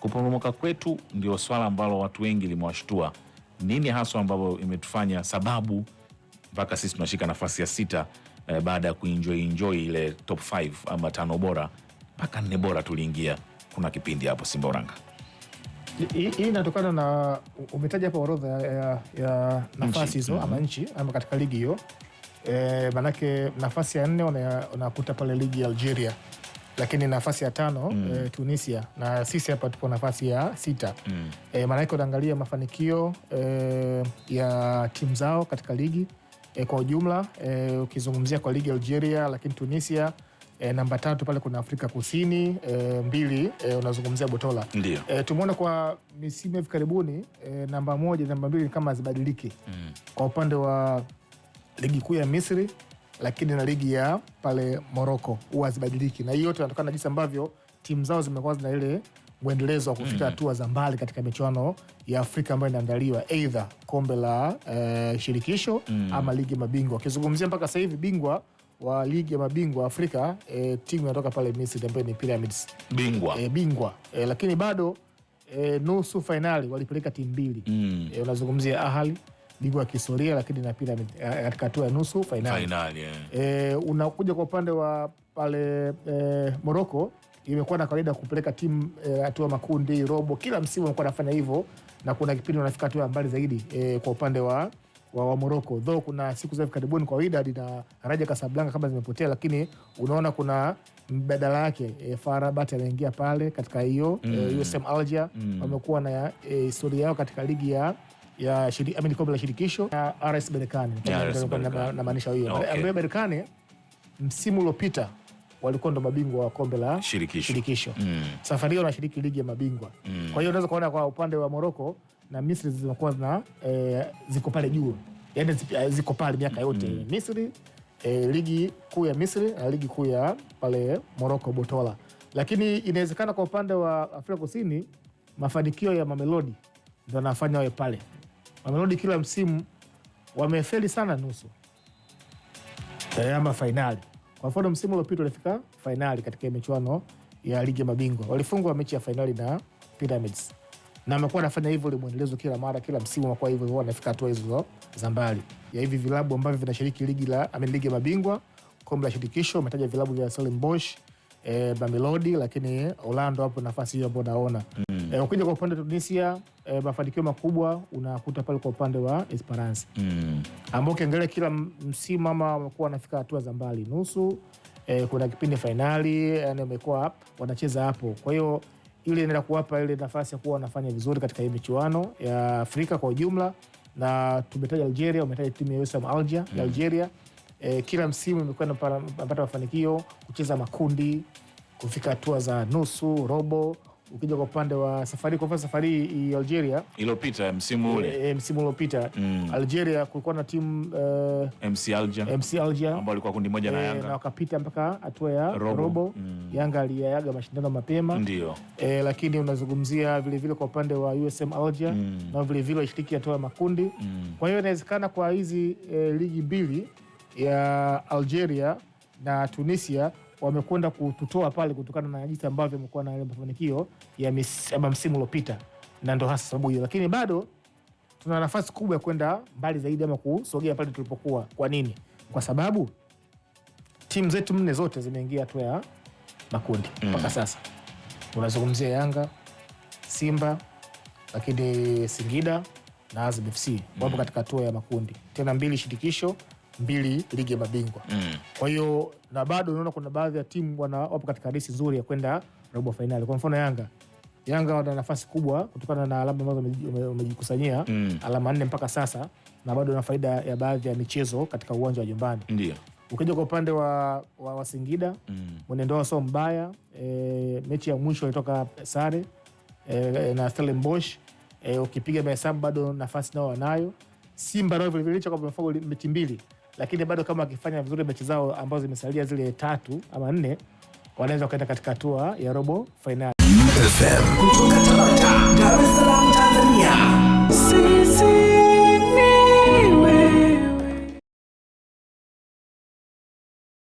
kuporomoka kwetu ndio swala ambalo watu wengi limewashtua. Nini haswa ambavyo imetufanya sababu mpaka sisi tunashika nafasi ya sita eh, baada ya kuenjoy ile top 5 ama tano bora mpaka nne bora tuliingia. Kuna kipindi hapo Simba Uranga hii inatokana na umetaja hapa orodha ya, ya nafasi hizo ama mm-hmm. nchi ama katika ligi hiyo e, eh, manake nafasi ya nne unakuta pale ligi ya Algeria lakini nafasi ya tano mm. e, Tunisia na sisi hapa tupo nafasi ya sita mm. e, eh, maanake unaangalia mafanikio e, ya timu zao katika ligi e, kwa ujumla e, ukizungumzia kwa ligi ya Algeria, lakini Tunisia E, namba tatu pale kuna Afrika Kusini e, mbili e, unazungumzia Botola e, tumeona kwa misimu hivi karibuni e, namba moja namba mbili kama hazibadiliki mm. Kwa upande wa ligi kuu ya Misri lakini na ligi ya pale Morocco huwa hazibadiliki, na hii yote inatokana na jinsi ambavyo timu zao zimekuwa zina ile mwendelezo wa kufika mm. hatua mm. za mbali katika michuano ya Afrika ambayo inaandaliwa aidha kombe la e, shirikisho mm. ama ligi ya mabingwa. Akizungumzia mpaka sasa hivi bingwa wa ligi ya mabingwa Afrika e, timu inatoka pale Misri ambayo ni Pyramids bingwa, e, bingwa. E, lakini bado e, nusu fainali walipeleka timu mbili mm. e, unazungumzia Ahli ligi ya kihistoria, lakini na pia eh, katika hatua ya nusu fainali fainali. Yeah. E, unakuja kwa upande wa pale e, Morocco imekuwa na kawaida kupeleka timu hatua e, makundi robo, kila msimu amekuwa anafanya hivyo, na kuna kipindi wanafika hatua mbali zaidi e, kwa upande wa wa, wa Morocco though kuna siku za hivi karibuni kwa Wydad na Raja Casablanca kama zimepotea, lakini unaona kuna mbadala yake e, FAR Rabat anaingia pale katika hiyo mm. e, USM Alger mm. wamekuwa na historia e, yao katika ligi ya ya shiri, I mean, kombe la shirikisho ya RS Berkane namaanisha hiyo ambayo Berkane msimu uliopita walikuwa ndo mabingwa wa kombe la shirikisho, shirikisho. Mm. Safari hiyo wanashiriki ligi ya mabingwa mm. Kwa hiyo unaweza kuona kwa upande wa Moroko na Misri zimekuwa zina e, eh, ziko pale juu, yani yaani eh, ziko pale miaka yote mm. Misri e, ligi kuu ya Misri na ligi kuu ya pale Moroko Botola, lakini inawezekana kwa upande wa Afrika Kusini mafanikio ya Mamelodi ndo anafanya wawe pale wamerudi kila msimu wamefeli sana nusu eh, ama fainali. Kwa mfano msimu uliopita walifika fainali katika michuano ya ligi ya mabingwa, walifungwa mechi ya fainali na Pyramids na amekuwa anafanya hivyo limwendelezo kila mara, kila msimu amekuwa hivyo, wanafika hatua hizo za mbali ya hivi vilabu ambavyo vinashiriki ligi la ligi ya mabingwa, kombe la shirikisho. Ametaja vilabu vya Stellenbosch e, Mamelodi, lakini Orlando hapo nafasi hiyo ambayo naona mm. E, ukija kwa upande wa Tunisia e, mafanikio makubwa unakuta pale kwa upande wa Esperance mm. ambao ukiangalia kila msimu ama wamekuwa wanafika hatua za mbali nusu e, kuna kipindi fainali, yani wamekuwa wanacheza hapo, kwa hiyo ile inaenda kuwapa ile nafasi ya kuwa wanafanya vizuri katika hii michuano ya Afrika kwa ujumla, na tumetaja Algeria, umetaja timu ya USM Alger ya mm. Algeria eh, kila msimu imekuwa inapata mafanikio kucheza makundi kufika hatua za nusu robo. Ukija kwa upande wa safari, kwa mfano safari hii ya Algeria iliyopita msimu eh, ule, e, msimu uliopita mm. Algeria kulikuwa na timu uh, eh, MC Alger, MC Alger ambao walikuwa kundi moja e, na Yanga na wakapita mpaka hatua ya robo, robo. Mm. Yanga aliyaga mashindano mapema ndio e, lakini unazungumzia vile vile kwa upande wa USM Alger mm. na vile vile walishiriki hatua ya makundi mm. kwa hiyo inawezekana kwa hizi e, ligi mbili ya Algeria na Tunisia wamekwenda kututoa pale kutokana na jinsi ambavyo amekuwa na mafanikio ya msimu uliopita, na ndo hasa sababu hiyo, lakini bado tuna nafasi kubwa ya kwenda mbali zaidi ama kusogea pale tulipokuwa. Kwa nini? Kwa sababu timu zetu nne zote zimeingia hatua ya makundi mm. mpaka mm. sasa. Unazungumzia Yanga, Simba, lakini Singida na Azam FC wapo mm. katika hatua ya makundi tena mbili shirikisho mbili ligi ya mabingwa mm. Kwa hiyo na bado unaona kuna baadhi ya timu wapo katika hadisi nzuri ya kwenda robo fainali. Kwa mfano Yanga, Yanga wana nafasi kubwa kutokana na alama ambazo wamejikusanyia mm. alama nne mpaka sasa, na bado na faida ya baadhi ya michezo katika uwanja wa nyumbani. Ndio ukija kwa upande wa, wa, wa Singida mm. mwenendo wao sio mbaya e, mechi ya mwisho walitoka sare e, na Stellenbosch e, ukipiga mahesabu bado nafasi nao wanayo Simba nao vile vile kwamba wamefunga mechi mbili, lakini bado kama wakifanya vizuri mechi zao ambazo zimesalia zile tatu ama nne, wanaweza wakaenda katika hatua ya robo fainali.